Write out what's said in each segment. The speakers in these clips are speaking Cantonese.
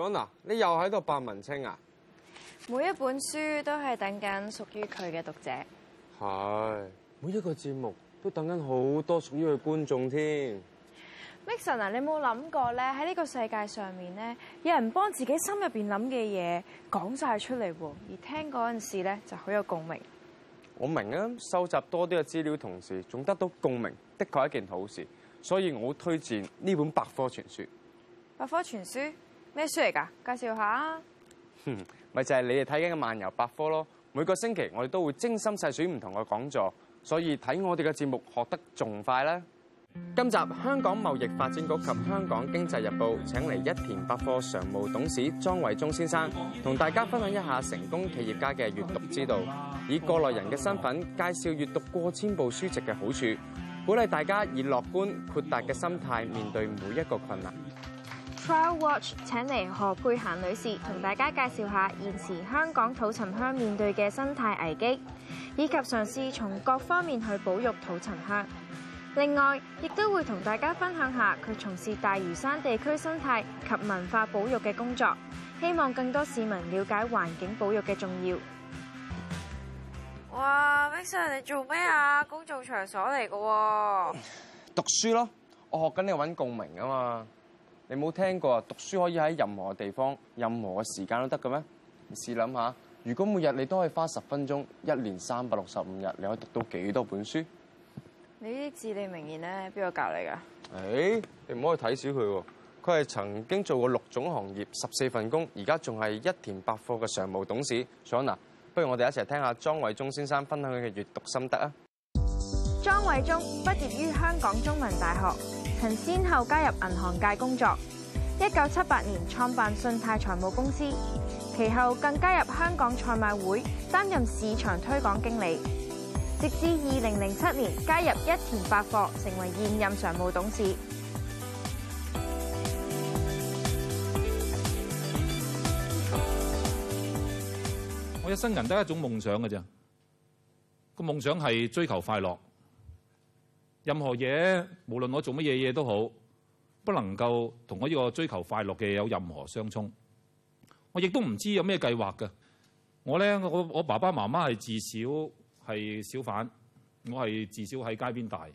嗱，John，你又喺度扮文青啊！每一本書都係等緊屬於佢嘅讀者，係每一個節目都等緊好多屬於佢觀眾添。Mixon 啊，你有冇諗過咧？喺呢個世界上面咧，有人幫自己心入邊諗嘅嘢講晒出嚟，而聽嗰陣時咧就好有共鳴。我明啊，收集多啲嘅資料同時，仲得到共鳴，的確係一件好事。所以我推薦呢本百科全書。百科全書。咩書嚟噶？介紹下。哼， 咪就係你哋睇緊嘅漫遊百科咯。每個星期我哋都會精心細選唔同嘅講座，所以睇我哋嘅節目學得仲快啦。今集香港貿易發展局及香港經濟日報請嚟一田百貨常務董事莊偉忠先生，同大家分享一下成功企業家嘅閱讀之道，以過來人嘅身份介紹閱讀過千部書籍嘅好處，鼓勵大家以樂觀、豁達嘅心態面對每一個困難。Trailwatch 請嚟何佩嫻女士同大家介紹下現時香港土沉香面對嘅生態危機，以及嘗試從各方面去保育土沉香。另外，亦都會同大家分享下佢從事大嶼山地區生態及文化保育嘅工作，希望更多市民了解環境保育嘅重要。哇，冰山你做咩啊？工作場所嚟喎？讀書咯，我學緊你搵共鳴啊嘛。你冇聽過啊？讀書可以喺任何地方、任何時間都得嘅咩？試諗下，如果每日你都可以花十分鐘，一年三百六十五日，你可以讀到幾多本書？你啲至理名言咧，邊個教你噶？誒、哎，你唔可以睇小佢喎。佢係曾經做過六種行業、十四份工，而家仲係一田百貨嘅常務董事。所以嗱，不如我哋一齊聽下莊偉忠先生分享佢嘅閱讀心得啊。莊偉忠畢業於香港中文大學。曾先後加入銀行界工作，一九七八年創辦信泰財務公司，其後更加入香港賽馬會，擔任市場推廣經理，直至二零零七年加入一田百貨，成為現任常務董事。我一生人得一種夢想嘅咋？個夢想係追求快樂。任何嘢，無論我做乜嘢嘢都好，不能夠同我呢個追求快樂嘅有任何相衝。我亦都唔知有咩計劃㗎。我咧，我我爸爸媽媽係自小係小販，我係自小喺街邊大，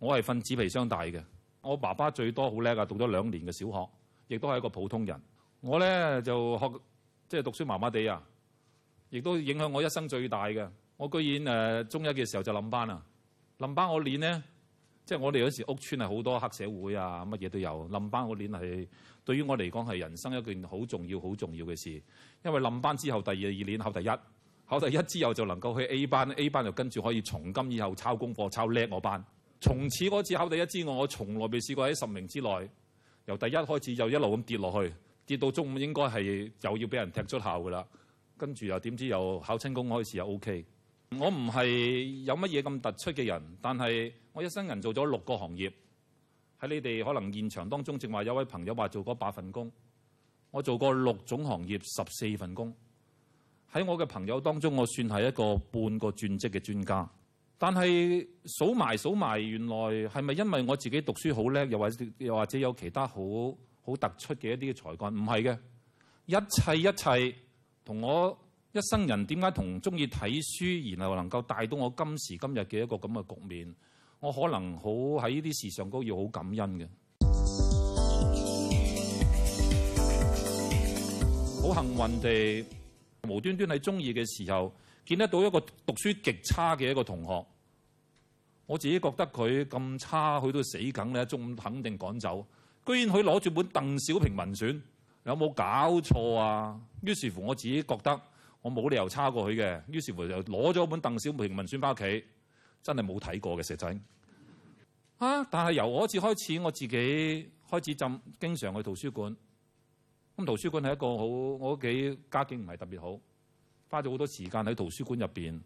我係瞓紙皮箱大嘅。我爸爸最多好叻啊，讀咗兩年嘅小學，亦都係一個普通人。我咧就學即係、就是、讀書麻麻地啊，亦都影響我一生最大嘅。我居然誒、呃、中一嘅時候就冧班啦。冧班我年呢，即係我哋嗰時屋村係好多黑社會啊，乜嘢都有。冧班嗰年係對於我嚟講係人生一件好重要、好重要嘅事，因為冧班之後第二二年考第一，考第一之後就能夠去 A 班，A 班就跟住可以從今以後抄功課、抄叻我班。從此嗰次考第一之外，我從來未試過喺十名之內，由第一開始就一路咁跌落去，跌到中午應該係又要俾人踢出校㗎啦。跟住又點知又考清功開始又 OK。我唔係有乜嘢咁突出嘅人，但係我一生人做咗六個行業，喺你哋可能現場當中，正話有位朋友話做過八份工，我做過六種行業十四份工，喺我嘅朋友當中，我算係一個半個轉職嘅專家。但係數埋數埋，原來係咪因為我自己讀書好叻，又或者又或者有其他好好突出嘅一啲才幹？唔係嘅，一切一切同我。一生人點解同中意睇書，然後能夠帶到我今時今日嘅一個咁嘅局面？我可能好喺呢啲事上高要好感恩嘅，好幸運地無端端喺中二嘅時候見得到一個讀書極差嘅一個同學。我自己覺得佢咁差，佢都死梗咧，中午肯定趕走。居然佢攞住本《鄧小平文選》，有冇搞錯啊？於是乎我自己覺得。我冇理由差過佢嘅，於是乎就攞咗本《鄧小平文選》翻屋企，真係冇睇過嘅石仔。啊！但係由我嗰次開始，我自己開始浸，經常去圖書館。咁圖書館係一個好，我屋企家境唔係特別好，花咗好多時間喺圖書館入邊。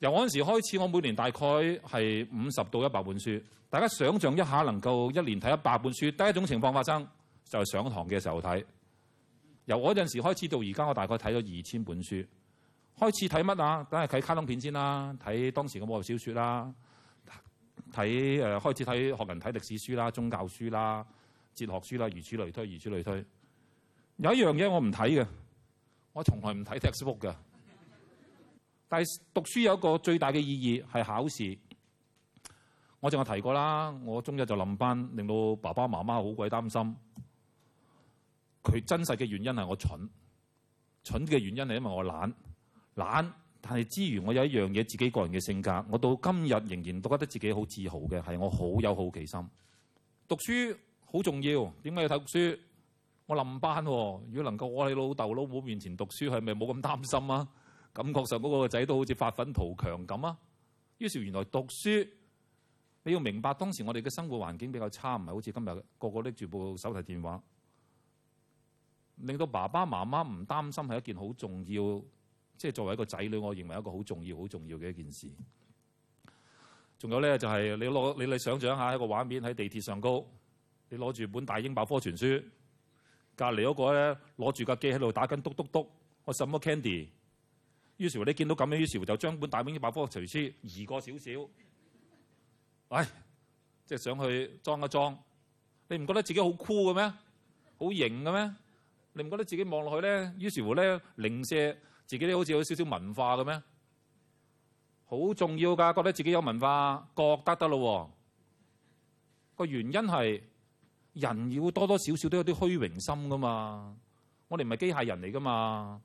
由嗰陣時開始，我每年大概係五十到一百本書。大家想像一下，能夠一年睇一百本書。第一種情況發生就係上堂嘅時候睇。由我嗰陣時開始到而家，我大概睇咗二千本書。開始睇乜啊？梗係睇卡通片先啦，睇當時嘅武俠小説啦，睇誒、呃、開始睇學人睇歷史書啦、宗教書啦、哲學書啦，如此類推，如此類推。有一樣嘢我唔睇嘅，我從來唔睇 textbook 嘅。但係讀書有一個最大嘅意義係考試。我淨係提過啦，我中一就臨班，令到爸爸媽媽好鬼擔心。佢真實嘅原因係我蠢，蠢嘅原因係因為我懶，懶。但係之餘，我有一樣嘢自己個人嘅性格，我到今日仍然都覺得自己好自豪嘅係我好有好奇心。讀書好重要，點解要睇書？我臨班喎、啊，如果能夠我喺老豆老母面前讀書，係咪冇咁擔心啊？感覺上嗰個仔都好似發奮圖強咁啊！於是原來讀書你要明白當時我哋嘅生活環境比較差，唔係好似今日個個拎住部手提電話。令到爸爸媽媽唔擔心係一件好重要，即係作為一個仔女，我認為一個好重要、好重要嘅一件事。仲有咧就係你攞你你想像一下喺個畫面喺地鐵上高，你攞住本大英百科全書，隔離嗰個咧攞住架機喺度打緊篤篤篤，我什麼 candy？於是乎你見到咁樣，於是乎就將本大英百科全書移過少少，喂，即係想去裝一裝，你唔覺得自己好酷嘅咩？好型嘅咩？你唔覺得自己望落去咧，於是乎咧，零舍自己都好似有少少文化嘅咩？好重要噶，覺得自己有文化，覺得得咯喎。個原因係人要多多少少都有啲虛榮心噶嘛。我哋唔係機械人嚟噶嘛。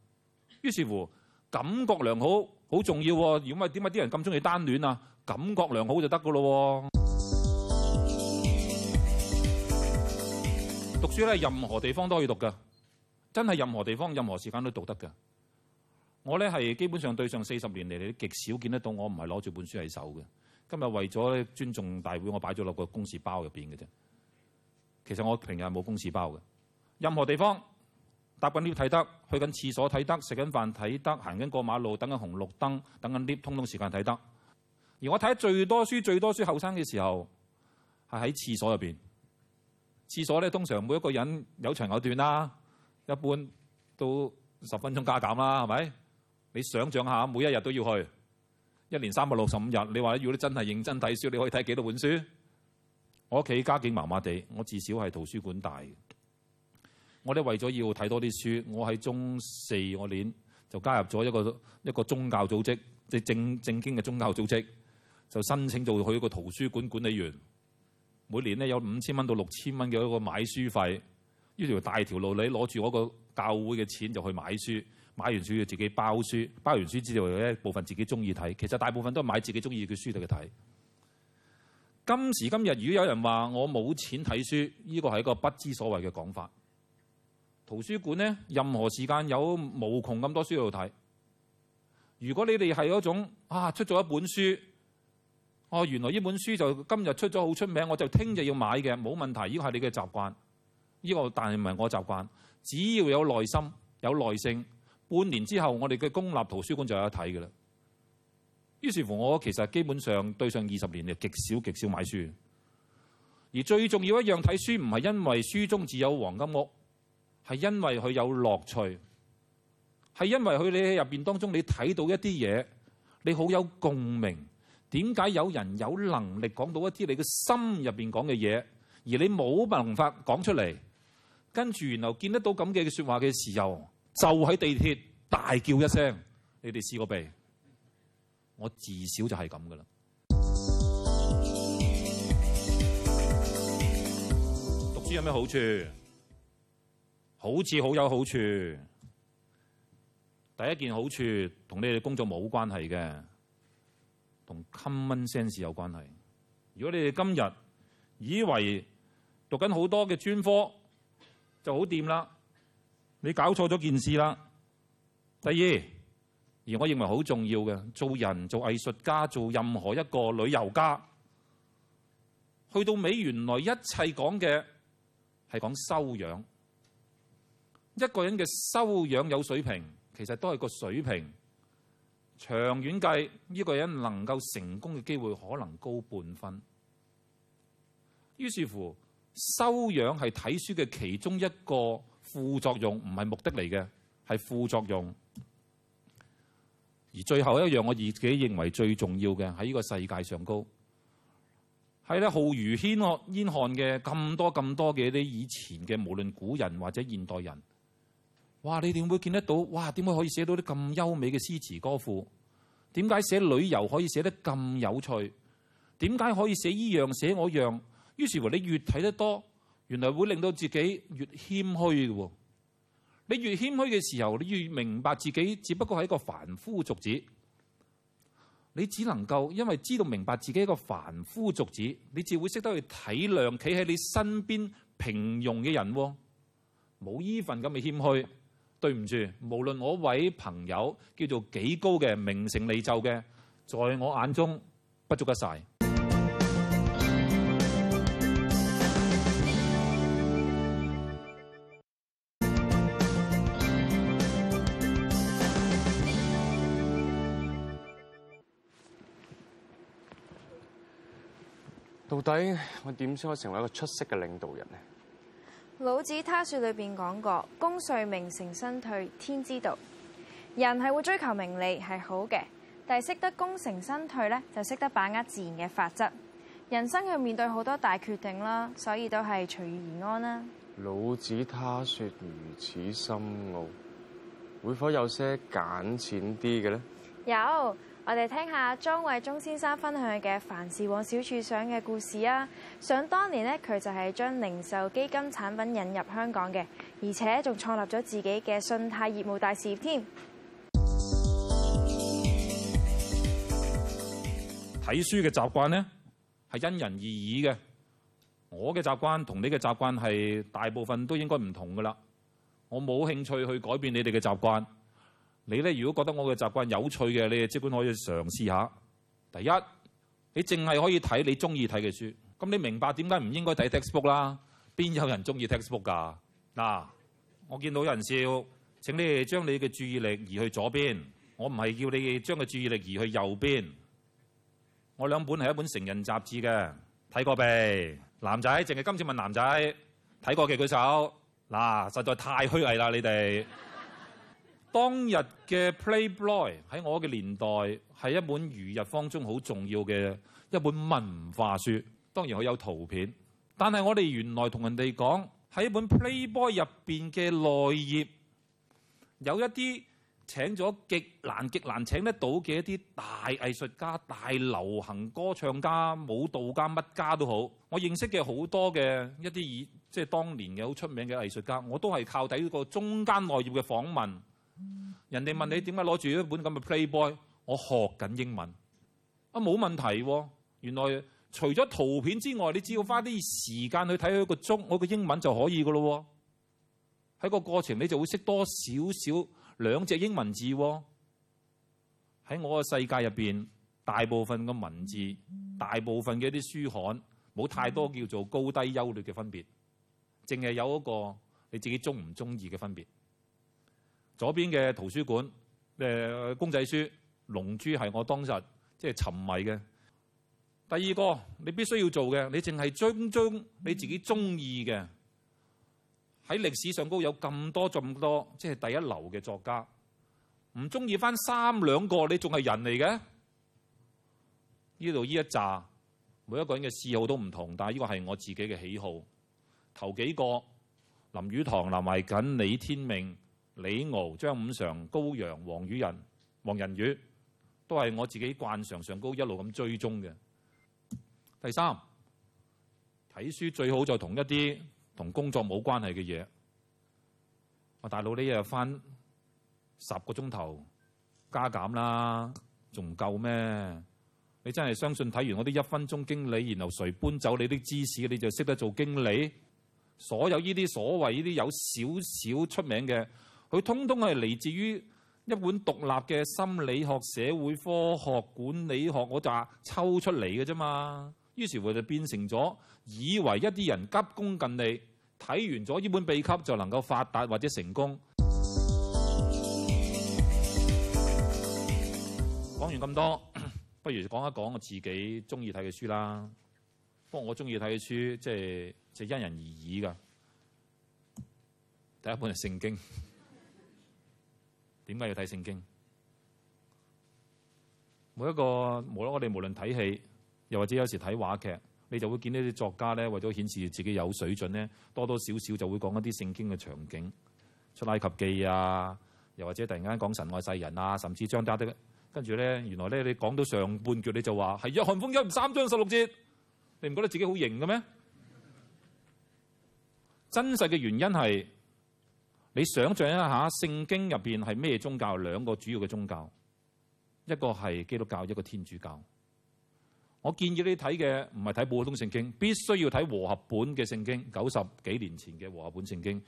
於是乎感覺良好，好重要喎。如果唔係，點解啲人咁中意單戀啊？感覺良好就得噶咯。讀書咧，任何地方都可以讀噶。真係任何地方、任何時間都讀得嘅。我咧係基本上對上四十年嚟，你都極少見得到我唔係攞住本書喺手嘅。今日為咗尊重大會，我擺咗落個公事包入邊嘅啫。其實我平日冇公事包嘅。任何地方，搭緊 lift 睇得，去緊廁所睇得，食緊飯睇得，行緊過馬路，等緊紅綠燈，等緊 lift，通通時間睇得。而我睇最多書、最多書後生嘅時候，係喺廁所入邊。廁所咧，通常每一個人有長有短啦、啊。一般都十分鐘加減啦，係咪？你想象下，每一日都要去，一年三百六十五日。你話如果你真係認真睇書，你可以睇幾多本書？我屋企家境麻麻地，我至少係圖書館大嘅。我哋為咗要睇多啲書，我喺中四我年就加入咗一個一個宗教組織，即係正正經嘅宗教組織，就申請做佢一個圖書館管理員，每年咧有五千蚊到六千蚊嘅一個買書費。呢條大條路，你攞住我個教會嘅錢就去買書，買完書要自己包書，包完書之後咧一部分自己中意睇，其實大部分都係買自己中意嘅書畀佢睇。今時今日，如果有人話我冇錢睇書，呢個係一個不知所謂嘅講法。圖書館咧，任何時間有無窮咁多書喺度睇。如果你哋係嗰種啊出咗一本書，哦、啊、原來呢本書就今日出咗好出名，我就聽日要買嘅，冇問題，呢個係你嘅習慣。呢個但係唔係我習慣，只要有耐心、有耐性，半年之後我哋嘅公立圖書館就有得睇㗎喇。於是乎，我其實基本上對上二十年就極少極少買書。而最重要一樣睇書唔係因為書中自有黃金屋，係因為佢有樂趣，係因為佢你喺入邊當中你睇到一啲嘢，你好有共鳴。點解有人有能力講到一啲你嘅心入邊講嘅嘢，而你冇辦法講出嚟？跟住，然後見得到咁嘅說話嘅時候，就喺地鐵大叫一聲。你哋試過未？我至少就係咁噶啦。讀書有咩好處？好似好有好處。第一件好處同你哋工作冇關係嘅，同 common sense 有關係。如果你哋今日以為讀緊好多嘅專科，就好掂啦！你搞錯咗件事啦。第二，而我認為好重要嘅，做人、做藝術家、做任何一個旅遊家，去到尾原來一切講嘅係講修養。一個人嘅修養有水平，其實都係個水平。長遠計，呢個人能夠成功嘅機會可能高半分。於是乎。修養係睇書嘅其中一個副作用，唔係目的嚟嘅，係副作用。而最後一樣，我自己認為最重要嘅喺呢個世界上高，喺呢浩如煙漢嘅咁多咁多嘅啲以前嘅無論古人或者現代人，哇！你點會見得到？哇！點解可以寫到啲咁優美嘅詩詞歌賦？點解寫旅遊可以寫得咁有趣？點解可以寫依樣寫我樣？於是你越睇得多，原來會令到自己越謙虛嘅。你越謙虛嘅時候，你要明白自己只不過係一個凡夫俗子。你只能夠因為知道明白自己一個凡夫俗子，你至會識得去體諒企喺你身邊平庸嘅人。冇依份咁嘅謙虛，對唔住，無論我位朋友叫做幾高嘅名成利就嘅，在我眼中不足一曬。到底我點先可以成為一個出色嘅領導人呢？老子他說裏邊講過，功遂名成身退，天之道。人係會追求名利係好嘅，但係識得功成身退咧，就識得把握自然嘅法則。人生要面對好多大決定啦，所以都係隨遇而安啦。老子他說如此深奧，會否有些簡淺啲嘅咧？有。我哋聽下莊偉忠先生分享嘅凡事往小處想嘅故事啊！想當年咧，佢就係將零售基金產品引入香港嘅，而且仲創立咗自己嘅信貸業務大事業添。睇書嘅習慣呢，係因人而異嘅。我嘅習慣同你嘅習慣係大部分都應該唔同噶啦。我冇興趣去改變你哋嘅習慣。你咧如果覺得我嘅習慣有趣嘅，你哋即管可以嘗試下。第一，你淨係可以睇你中意睇嘅書。咁你明白點解唔應該睇 textbook 啦？邊有人中意 textbook 噶？嗱，我見到有人笑，請你哋將你嘅注意力移去左邊。我唔係叫你哋將個注意力移去右邊。我兩本係一本成人雜誌嘅，睇過未？男仔，淨係今次問男仔，睇過嘅舉手。嗱，實在太虛偽啦，你哋。當日嘅 Playboy 喺我嘅年代係一本如日方中好重要嘅一本文化書。當然佢有圖片，但係我哋原來同人哋講喺一本 Playboy 入面嘅內頁有一啲請咗極難極難請得到嘅一啲大藝術家、大流行歌唱家、舞蹈家乜家都好。我認識嘅好多嘅一啲以即係當年嘅好出名嘅藝術家，我都係靠睇呢個中間內頁嘅訪問。人哋問你點解攞住一本咁嘅 Playboy，我學緊英文啊冇問題、啊，原來除咗圖片之外，你只要花啲時間去睇佢個中，我嘅英文就可以噶咯、啊。喺個過程你就會識多少少兩隻英文字、啊。喺我嘅世界入邊，大部分嘅文字，大部分嘅一啲書刊，冇太多叫做高低優劣嘅分別，淨係有一個你自己中唔中意嘅分別。左邊嘅圖書館，誒、呃、公仔書《龍珠》係我當日即係沉迷嘅。第二個你必須要做嘅，你淨係將將你自己中意嘅喺歷史上高有咁多咁多即係第一流嘅作家，唔中意翻三兩個，你仲係人嚟嘅？呢度呢一紮每一個人嘅嗜好都唔同，但係呢個係我自己嘅喜好。頭幾個林語堂，南懷瑾、李天命。李敖、張五常、高陽、黃宇仁、黃仁宇，都係我自己慣常上高一路咁追蹤嘅。第三，睇書最好就同一啲同工作冇關係嘅嘢。啊，大佬，你日翻十個鐘頭加減啦，仲唔夠咩？你真係相信睇完我啲一分鐘經理，然後誰搬走你啲芝士，你就識得做經理？所有呢啲所謂呢啲有少少出名嘅。佢通通係嚟自於一本獨立嘅心理學、社會科學、管理學，我就抽出嚟嘅啫嘛。於是乎就變成咗以為一啲人急功近利，睇完咗呢本秘笈就能夠發達或者成功。講完咁多，不如講一講我自己中意睇嘅書啦。不過我中意睇嘅書即係即係即係、因人而異㗎。第一本係《聖經》。點解要睇聖經？每一個，無論我哋無論睇戲，又或者有時睇話劇，你就會見呢啲作家咧，為咗顯示自己有水準咧，多多少少就會講一啲聖經嘅場景，出埃及記啊，又或者突然間講神愛世人啊，甚至張家的，跟住咧，原來咧你講到上半句，你就話係約翰福音三章十六節，你唔覺得自己好型嘅咩？真實嘅原因係。你想象一下，聖經入邊係咩宗教？兩個主要嘅宗教，一個係基督教，一個天主教。我建議你睇嘅唔係睇普通聖經，必須要睇和合本嘅聖經，九十幾年前嘅和合本聖經。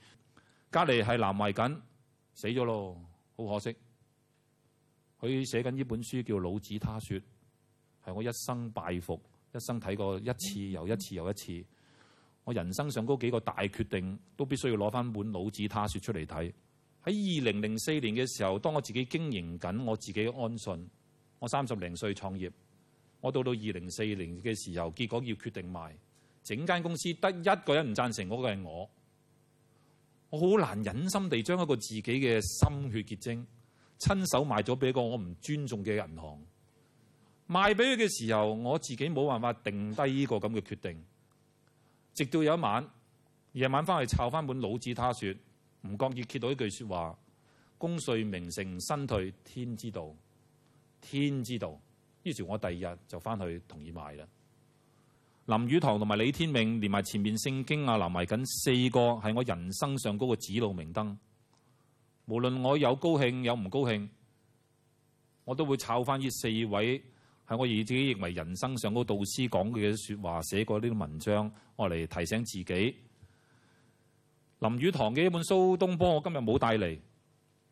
隔離係南懷瑾，死咗咯，好可惜。佢寫緊呢本書叫《老子他說》，係我一生拜服，一生睇過一次又一次又一次。我人生上嗰幾個大決定，都必須要攞翻本《老子》他說出嚟睇。喺二零零四年嘅時候，當我自己經營緊我自己嘅安信，我三十零歲創業，我到到二零四年嘅時候，結果要決定賣整間公司，得一個人唔贊成，嗰個係我。我好難忍心地將一個自己嘅心血結晶，親手賣咗俾一個我唔尊重嘅銀行。賣俾佢嘅時候，我自己冇辦法定低呢個咁嘅決定。直到有一晚，夜晚翻去抄翻本《老子》，他說唔覺意揭到一句說話：功遂名成身退，天之道。天之道。於是，我第二日就翻去同意買啦。林語堂同埋李天命，連埋前面聖經啊，臨埋緊四個係我人生上高嘅指路明燈。無論我有高興有唔高興，我都會抄翻呢四位。係我以自己認為人生上個導師講嘅説話，寫過呢啲文章，我嚟提醒自己。林語堂嘅一本《蘇東坡》，我今日冇帶嚟，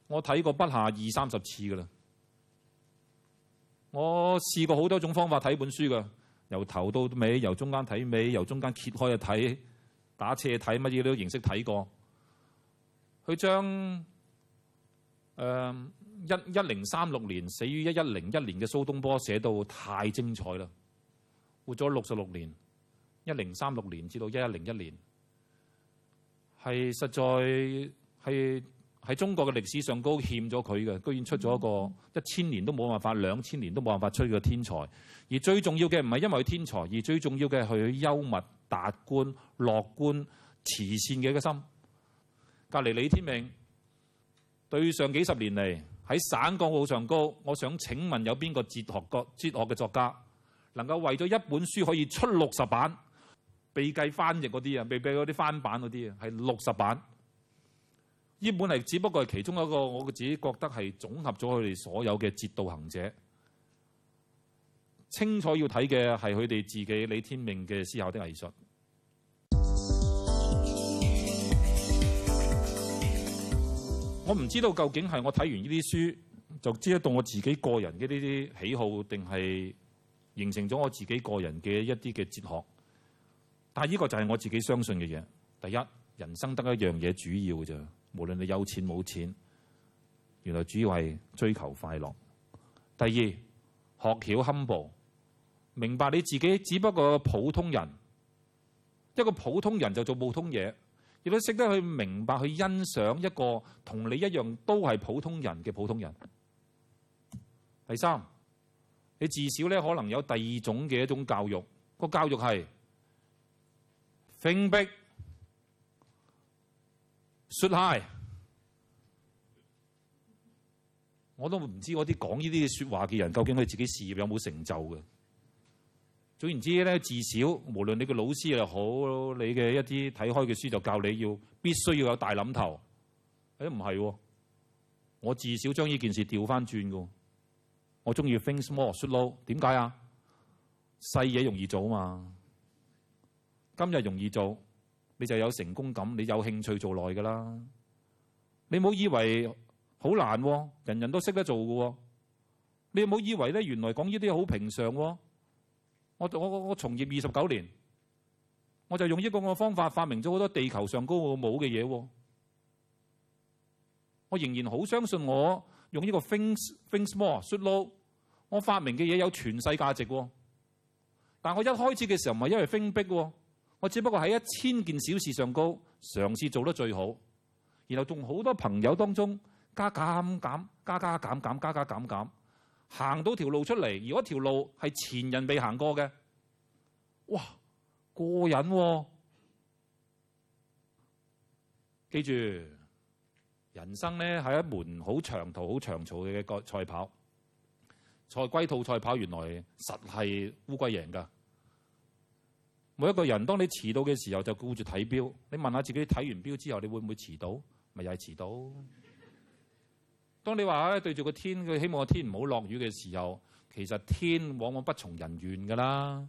我睇過不下二三十次㗎喇。我試過好多種方法睇本書㗎，由頭到尾，由中間睇尾，由中間揭開去睇，打斜睇乜嘢都形式睇過。佢將誒。呃一一零三六年死於一一零一年嘅蘇東坡寫到太精彩啦！活咗六十六年，一零三六年至到一一零一年，係實在係喺中國嘅歷史上高欠咗佢嘅，居然出咗一個一千年都冇辦法，兩千年都冇辦法出嘅天才。而最重要嘅唔係因為佢天才，而最重要嘅係佢幽默達官、達觀、樂觀、慈善嘅一個心。隔籬李天命，對上幾十年嚟。喺省港澳上高，我想請問有邊個哲學個哲學嘅作家能夠為咗一本書可以出六十版？未計翻譯嗰啲啊，未計嗰啲翻版嗰啲啊，係六十版。呢本係只不過係其中一個，我自己覺得係總合咗佢哋所有嘅哲道行者。清楚要睇嘅係佢哋自己李天命嘅思考的藝術。我唔知道究竟係我睇完呢啲書就知得到我自己個人嘅呢啲喜好，定係形成咗我自己個人嘅一啲嘅哲學。但係呢個就係我自己相信嘅嘢。第一，人生得一樣嘢主要嘅啫，無論你有錢冇錢，原來主要係追求快樂。第二，學曉謙卑，明白你自己只不過普通人，一個普通人就做普通嘢。亦都識得去明白去欣賞一個同你一樣都係普通人嘅普通人。第三，你至少咧可能有第二種嘅一種教育，個教育係強逼説謊，我都唔知嗰啲講呢啲說話嘅人究竟佢自己事業有冇成就嘅。總言之咧，至少無論你個老師又好，你嘅一啲睇開嘅書就教你要必須要有大諗頭。誒唔係喎，我至少將呢件事調翻轉噶。我中意 think small。點解啊？細嘢容易做啊嘛。今日容易做，你就有成功感，你有興趣做耐噶啦。你冇以為好難，人人都識得做噶。你冇以為咧，原來講呢啲好平常喎。我我我從業二十九年，我就用呢個我方法發明咗好多地球上高本冇嘅嘢喎。我仍然好相信我用呢個 things things more，say h u no，我發明嘅嘢有全世界價值喎。但我一開始嘅時候唔係因為 think big，我只不過喺一千件小事上高嘗試做得最好，然後仲好多朋友當中加減減加加減減加加減減。加加減減行到條路出嚟，如果條路係前人未行過嘅，哇，過癮喎，啊！記住，人生咧係一門好長途、好長草嘅一個賽跑。賽龜兔賽跑原來實係烏龜贏噶。每一個人，當你遲到嘅時候，就顧住睇錶。你問下自己睇完錶之後，你會唔會遲到？咪又係遲到。當你話唉對住個天，佢希望個天唔好落雨嘅時候，其實天往往不從人願噶啦。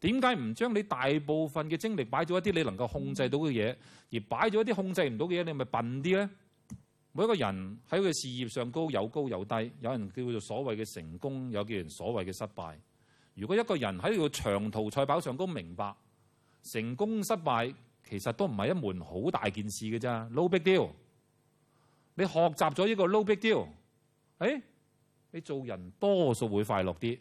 點解唔將你大部分嘅精力擺咗一啲你能夠控制到嘅嘢，而擺咗一啲控制唔到嘅嘢，你咪笨啲咧？每一個人喺佢事業上高有高有低，有人叫做所謂嘅成功，有人叫做所謂嘅失敗。如果一個人喺條長途賽跑上高明白成功失敗其實都唔係一門好大件事嘅啫 no big deal。你學習咗呢個 no big deal，誒、哎，你做人多數會快樂啲。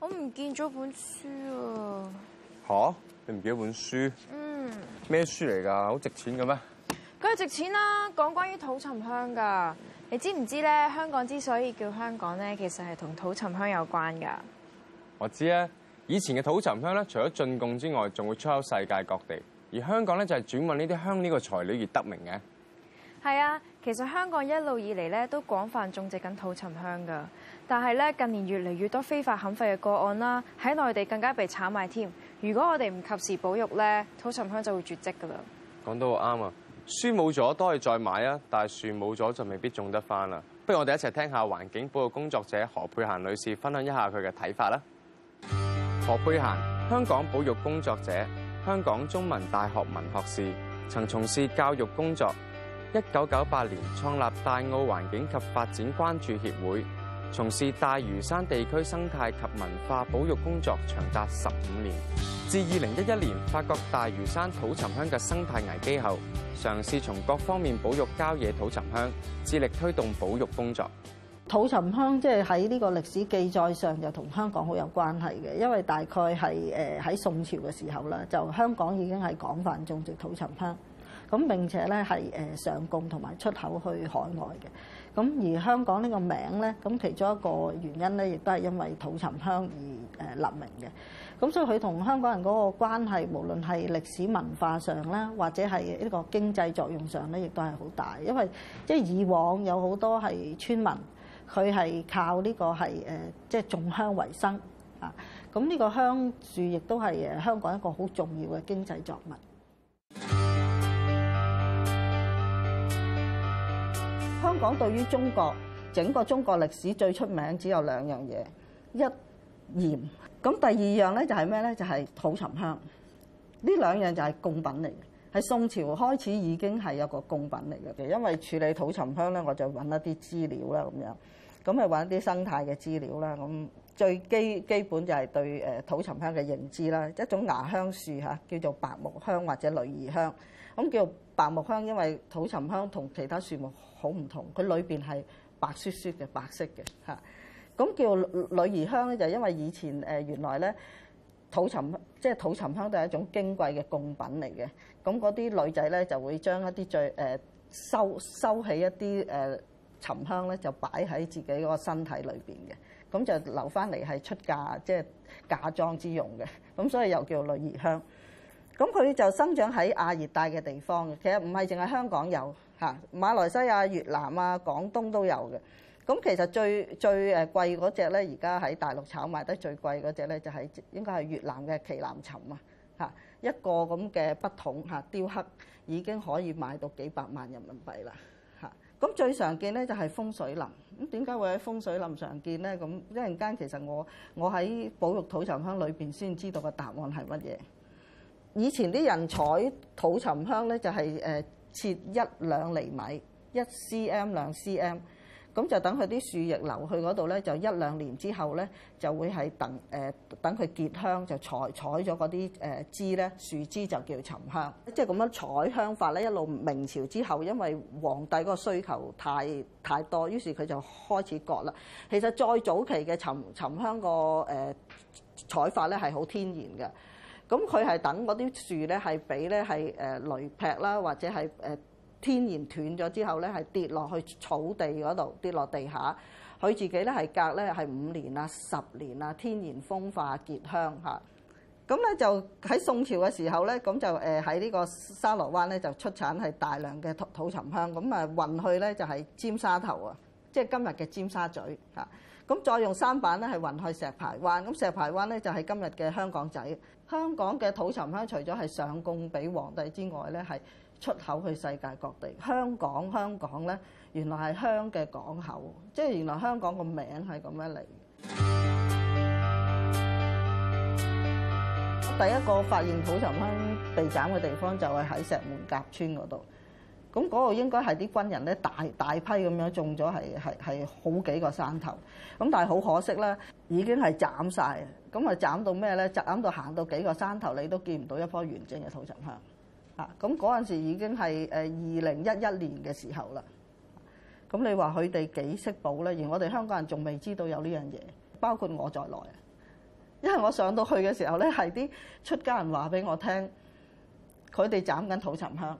我唔見咗本書啊！嚇？你唔見咗本書？嗯。咩書嚟㗎？好值錢嘅咩？佢值錢啦，啊！講關於土沉香噶。你知唔知咧，香港之所以叫香港咧，其實係同土沉香有關噶。我知啊，以前嘅土沉香咧，除咗進貢之外，仲會出口世界各地。而香港咧就係轉運呢啲香呢個材料而得名嘅。係啊，其實香港一路以嚟咧都廣泛種植緊土沉香噶，但係咧近年越嚟越多非法砍伐嘅個案啦，喺內地更加被炒賣添。如果我哋唔及時保育咧，土沉香就會絕跡噶啦。講得好啱啊！書冇咗都可以再買啊，但係樹冇咗就未必種得翻啦。不如我哋一齊聽下環境保育工作者何佩嫻女士分享一下佢嘅睇法啦。何佩嫻，香港保育工作者，香港中文大學文學士，曾從事教育工作。一九九八年創立大澳環境及發展關注協會。從事大嶼山地區生態及文化保育工作長達十五年，自二零一一年發覺大嶼山土沉香嘅生態危機後，嘗試從各方面保育郊野土沉香，致力推動保育工作。土沉香即係喺呢個歷史記載上就同香港好有關係嘅，因為大概係誒喺宋朝嘅時候啦，就香港已經係廣泛種植土沉香。咁並且咧係上貢同埋出口去海外嘅，咁而香港呢個名咧，咁其中一個原因咧，亦都係因為土沉香而立名嘅。咁所以佢同香港人嗰個關係，無論係歷史文化上咧，或者係呢個經濟作用上咧，亦都係好大，因為即係以往有好多係村民，佢係靠呢個係即係種香為生啊。咁呢個香樹亦都係香港一個好重要嘅經濟作物。香港對於中國整個中國歷史最出名只有兩樣嘢，一鹽咁，咁第二樣咧就係咩咧？就係、是就是、土沉香。呢兩樣就係貢品嚟嘅，喺宋朝開始已經係有個貢品嚟嘅。因為處理土沉香咧，我就揾一啲資料啦，咁樣咁係揾一啲生態嘅資料啦。咁最基基本就係對誒土沉香嘅認知啦，一種牙香樹嚇，叫做白木香或者女兒香。咁叫白木香，因為土沉香同其他樹木。好唔同，佢裏邊係白雪雪嘅白色嘅嚇，咁叫女兒香咧，就因為以前誒、呃、原來咧土沉香，即、就、係、是、土沉香都係一種矜貴嘅貢品嚟嘅，咁嗰啲女仔咧就會將一啲最誒、呃、收收起一啲誒沉香咧，就擺喺自己嗰個身體裏邊嘅，咁就留翻嚟係出嫁即係、就是、嫁妝之用嘅，咁所以又叫女兒香。咁佢就生長喺亞熱帶嘅地方嘅，其實唔係淨係香港有。嚇，馬來西亞、越南啊、廣東都有嘅。咁其實最最誒貴嗰隻咧，而家喺大陸炒賣得最貴嗰隻咧，就係、是、應該係越南嘅奇楠沉啊。嚇，一個咁嘅筆筒嚇雕刻，已經可以賣到幾百萬人民幣啦。嚇，咁最常見咧就係風水林。咁點解會喺風水林常見咧？咁一陣間其實我我喺保育土沉香裏邊先知道個答案係乜嘢。以前啲人採土沉香咧，就係誒。切一兩厘米，一 cm 兩 cm，咁就等佢啲樹液流去嗰度咧，就一兩年之後咧，就會係等誒、呃、等佢結香就採，就採採咗嗰啲誒枝咧，樹枝就叫沉香。即係咁樣採香法咧，一路明朝之後，因為皇帝嗰個需求太太多，於是佢就開始割啦。其實再早期嘅沉沉香個誒採法咧係好天然嘅。咁佢係等嗰啲樹咧係俾咧係誒雷劈啦，或者係誒天然斷咗之後咧係跌落去草地嗰度跌落地下，佢自己咧係隔咧係五年啊、十年啊，天然風化結香嚇。咁咧就喺宋朝嘅時候咧，咁就誒喺呢個沙螺灣咧就出產係大量嘅土土沉香，咁啊運去咧就係尖沙頭啊，即係今日嘅尖沙咀嚇。咁再用舢板咧係運去石排灣，咁石排灣咧就係今日嘅香港仔。香港嘅土沉香除咗係上供俾皇帝之外咧，係出口去世界各地。香港香港咧，原來係香嘅港口，即係原來香港個名係咁樣嚟。 第一個發現土沉香被斬嘅地方就係喺石門甲村嗰度。咁嗰度應該係啲軍人咧，大大批咁樣種咗，係係係好幾個山頭。咁但係好可惜啦，已經係斬晒。咁咪斬到咩咧？斬到行到幾個山頭，你都見唔到一樖完整嘅土沉香。嚇！咁嗰陣時已經係誒二零一一年嘅時候啦。咁你話佢哋幾識寶咧？而我哋香港人仲未知道有呢樣嘢，包括我在內。因為我上到去嘅時候咧，係啲出家人話俾我聽，佢哋斬緊土沉香。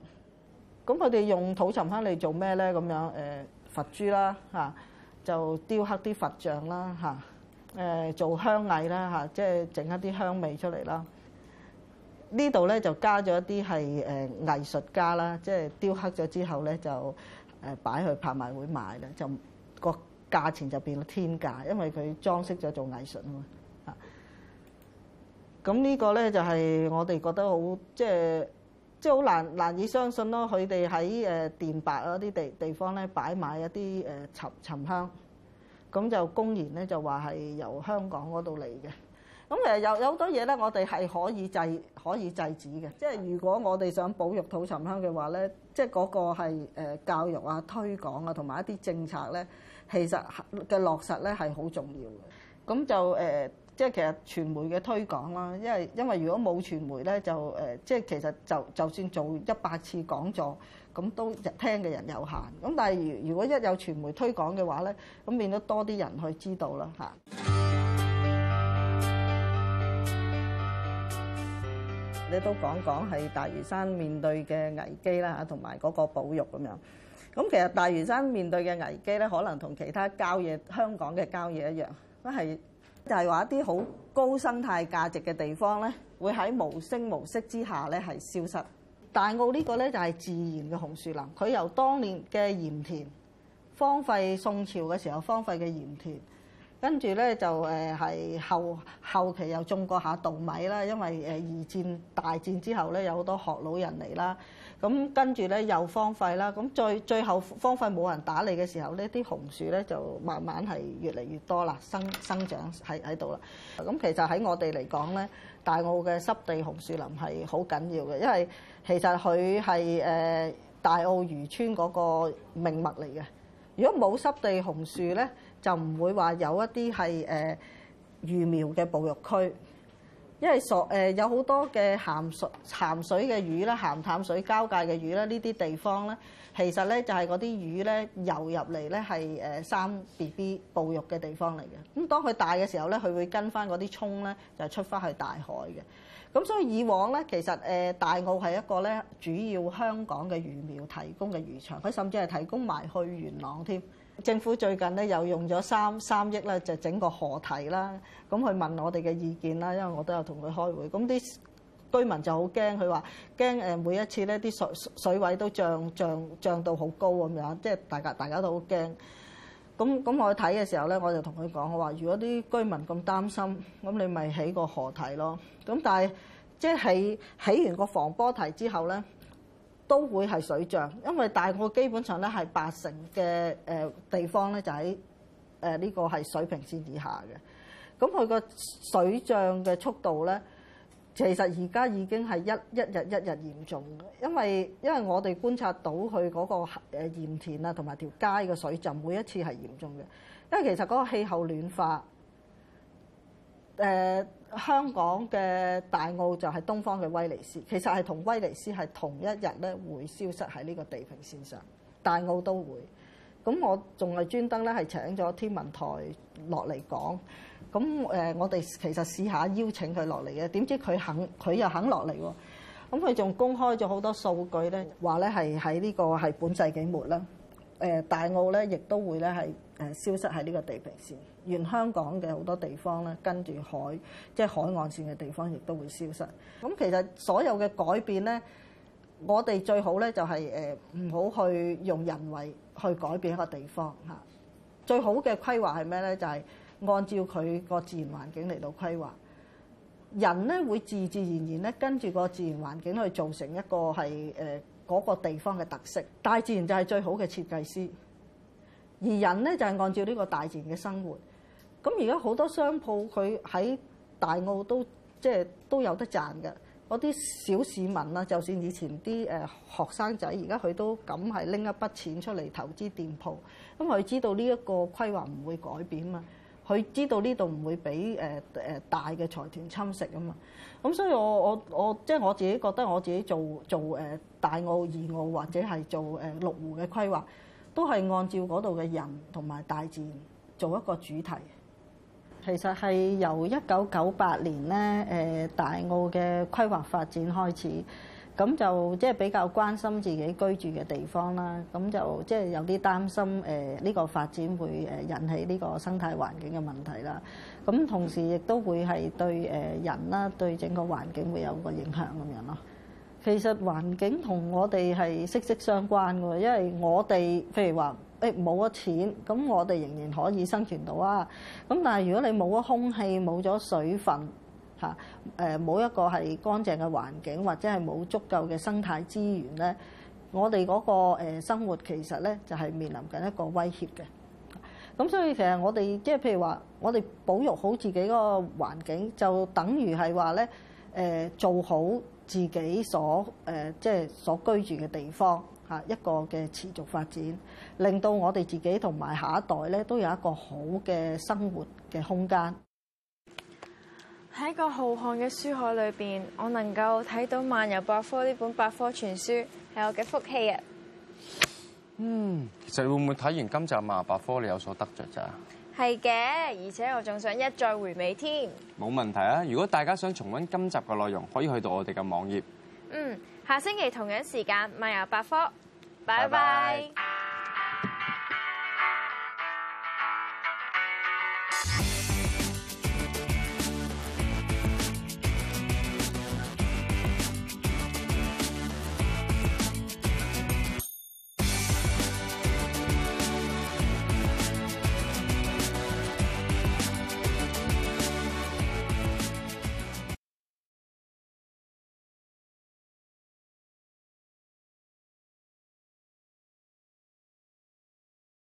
咁佢哋用土沉香嚟做咩咧？咁樣、呃、佛珠啦、啊，就雕刻啲佛像啦，啊誒做香藝啦嚇，即係整一啲香味出嚟啦。呢度咧就加咗一啲係誒藝術家啦，即係雕刻咗之後咧就誒擺去拍賣會賣啦，就個價錢就變咗天價，因為佢裝飾咗做藝術啊嘛。咁呢個咧就係我哋覺得好，即係即係好難難以相信咯。佢哋喺誒電白嗰啲地地方咧擺埋一啲誒沉沉香。咁就公然咧就話係由香港嗰度嚟嘅，咁其實有有好多嘢咧，我哋係可以制可以制止嘅，即係如果我哋想保育土沉香嘅話咧，即係嗰個係、呃、教育啊、推廣啊同埋一啲政策咧，其實嘅落實咧係好重要嘅。咁就誒。呃即係其實傳媒嘅推廣啦，因為因為如果冇傳媒咧，就誒即係其實就就算做一百次講座，咁都聽嘅人有限。咁但係如如果一有傳媒推廣嘅話咧，咁變得多啲人去知道啦嚇。你都講講係大嶼山面對嘅危機啦，同埋嗰個保育咁樣。咁其實大嶼山面對嘅危機咧，可能同其他郊野香港嘅郊野一樣，都係。就係話一啲好高生態價值嘅地方呢，會喺無聲無息之下呢係消失。大澳呢個呢，就係自然嘅紅樹林，佢由當年嘅鹽田荒廢，宋朝嘅時候荒廢嘅鹽田。跟住咧就誒係後後期又種過下稻米啦，因為誒二戰大戰之後咧有好多學老人嚟啦，咁跟住咧又荒廢啦，咁最最後荒廢冇人打理嘅時候咧，啲紅樹咧就慢慢係越嚟越多啦，生生長喺喺度啦。咁其實喺我哋嚟講咧，大澳嘅濕地紅樹林係好緊要嘅，因為其實佢係誒大澳漁村嗰個命脈嚟嘅。如果冇濕地紅樹咧，就唔會話有一啲係誒魚苗嘅哺育區，因為索誒有好多嘅鹹水鹹水嘅魚啦、鹹淡水交界嘅魚啦，呢啲地方咧，其實咧就係嗰啲魚咧游入嚟咧係誒生 B B 哺育嘅地方嚟嘅。咁當佢大嘅時候咧，佢會跟翻嗰啲涌咧就出翻去大海嘅。咁所以以往咧，其實誒、呃、大澳係一個咧主要香港嘅魚苗提供嘅魚場，佢甚至係提供埋去元朗添。政府最近咧又用咗三三億啦，就整個河堤啦，咁佢問我哋嘅意見啦，因為我都有同佢開會，咁啲居民就好驚，佢話驚誒每一次咧啲水水位都漲漲漲到好高咁樣，即係大家大家都好驚。咁咁我去睇嘅時候咧，我就同佢講，我話如果啲居民咁擔心，咁你咪起個河堤咯。咁但係即係起，起完個防波堤之後咧。都會係水漲，因為大澳基本上咧係八成嘅誒地方咧就喺誒呢個係水平線以下嘅。咁佢個水漲嘅速度咧，其實而家已經係一一日一日嚴重嘅，因為因為我哋觀察到佢嗰個誒鹽田啊同埋條街嘅水浸每一次係嚴重嘅，因為其實嗰個氣候暖化誒。呃香港嘅大澳就係東方嘅威尼斯，其實係同威尼斯係同一日咧，會消失喺呢個地平線上。大澳都會，咁我仲係專登咧係請咗天文台落嚟講，咁誒我哋其實試下邀請佢落嚟嘅，點知佢肯佢又肯落嚟喎，咁佢仲公開咗好多數據咧、這個，話咧係喺呢個係本世紀末啦，誒大澳咧亦都會咧係。消失喺呢個地平線，原香港嘅好多地方咧，跟住海即係、就是、海岸線嘅地方，亦都會消失。咁其實所有嘅改變咧，我哋最好咧就係誒唔好去用人為去改變一個地方吓，最好嘅規劃係咩咧？就係、是、按照佢個自然環境嚟到規劃人咧會自自然然咧跟住個自然環境去造成一個係誒嗰個地方嘅特色。大自然就係最好嘅設計師。而人咧就係、是、按照呢個大自然嘅生活，咁而家好多商鋪佢喺大澳都即係、就是、都有得賺嘅。嗰啲小市民啦，就算以前啲誒、呃、學生仔，而家佢都敢係拎一筆錢出嚟投資店鋪，咁佢知道呢一個規劃唔會改變嘛，佢知道呢度唔會俾誒誒大嘅財團侵蝕啊嘛。咁所以我我我即係、就是、我自己覺得，我自己做做誒、呃、大澳、二澳或者係做誒、呃、六湖嘅規劃。都係按照嗰度嘅人同埋大自然做一個主題。其實係由一九九八年咧，誒大澳嘅規劃發展開始。咁就即係比較關心自己居住嘅地方啦。咁就即係有啲擔心誒呢個發展會誒引起呢個生態環境嘅問題啦。咁同時亦都會係對誒人啦，對整個環境會有個影響咁樣咯。其實環境同我哋係息息相關嘅，因為我哋譬如話，誒冇咗錢，咁我哋仍然可以生存到啊。咁但係如果你冇咗空氣、冇咗水分，嚇誒冇一個係乾淨嘅環境，或者係冇足夠嘅生態資源咧，我哋嗰個生活其實咧就係面臨緊一個威脅嘅。咁所以其實我哋即係譬如話，我哋保育好自己嗰個環境，就等於係話咧誒做好。自己所誒、呃，即係所居住嘅地方嚇，一個嘅持續發展，令到我哋自己同埋下一代咧，都有一個好嘅生活嘅空間。喺個浩瀚嘅書海裏邊，我能夠睇到《漫遊百科》呢本百科全書，係我嘅福氣啊！嗯，其實會唔會睇完今集《漫遊百科》，你有所得着咋？係嘅，而且我仲想一再回味添。冇問題啊！如果大家想重溫今集嘅內容，可以去到我哋嘅網頁。嗯，下星期同樣時間，萬有百科，拜拜。Bye bye。